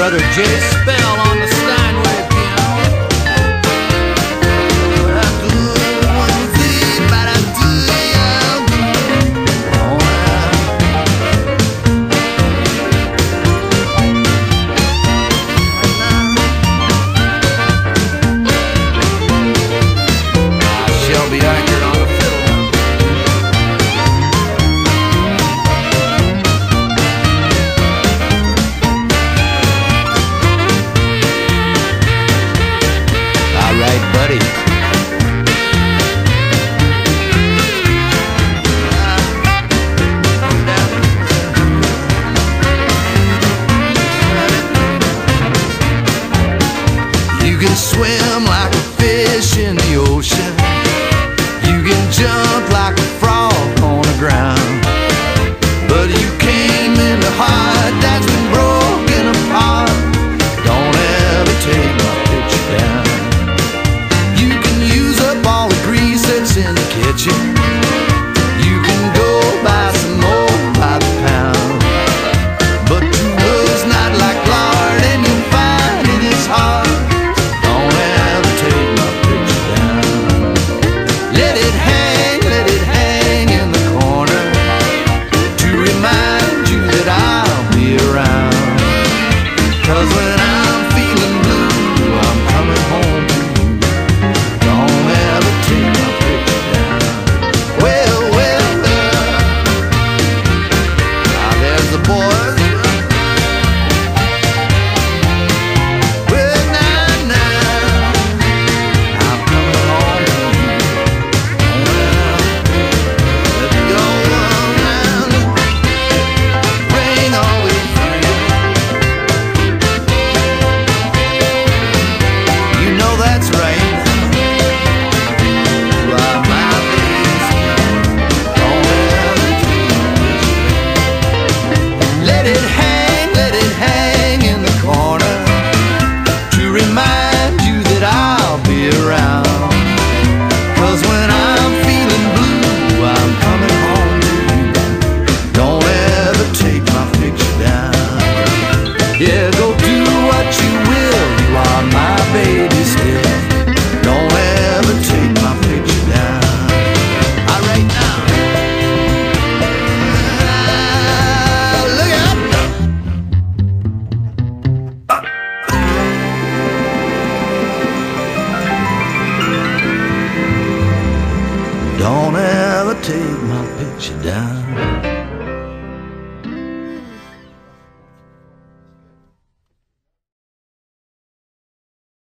brother Jace. swim like a fish in the ocean.